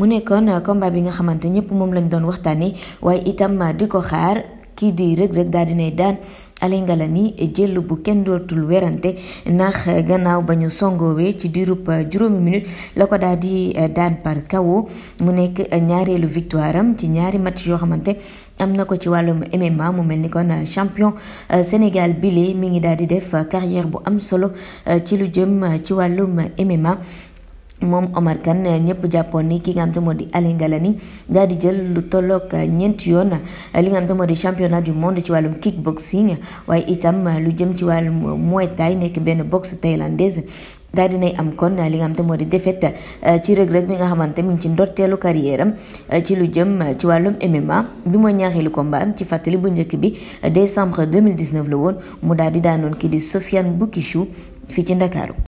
mu nekkoon combat bi nga xamante ñëpp moom lañu doon waxtaan waxtaanee waaye itam di ko xaar kii di Reug Reug daal dinay daan Aly nii jël bu kenn dootul werante ndax gannaaw ba ñu songoowee ci diirub juróomi minute la ko daal di daan par kawo mu nekk ñaareelu victoire ci ñaari match yoo xamante am na ko ci wàllum MMA mu mel ni kon champion Sénégal bile mi ngi daal di def carrière bu am solo ci lu jëm ci wàllum MMA. moom Omar Kane ñëpp jàppoon ni ki nga xam te moo di Aly ni daal di jël lu tolloog ñeenti yoon li nga xam te moo di championnat du monde ci wàllum kickboxing waaye itam lu jëm ci wàllum muay thai nekk benn boxe thaïlandaise daal di nay am kon li moo di défaite euh, ci rëg-rëg bi nga xamante mi ngi ci ndorteelu carrière euh, ci lu jëm ci wàllum MMA bi mooy ñaareelu combat am ci fàttali bu njëkk bi décembre 2019 la woon mu daal di daanoon kii di Sofiane Boukissou fii ci Ndakaaru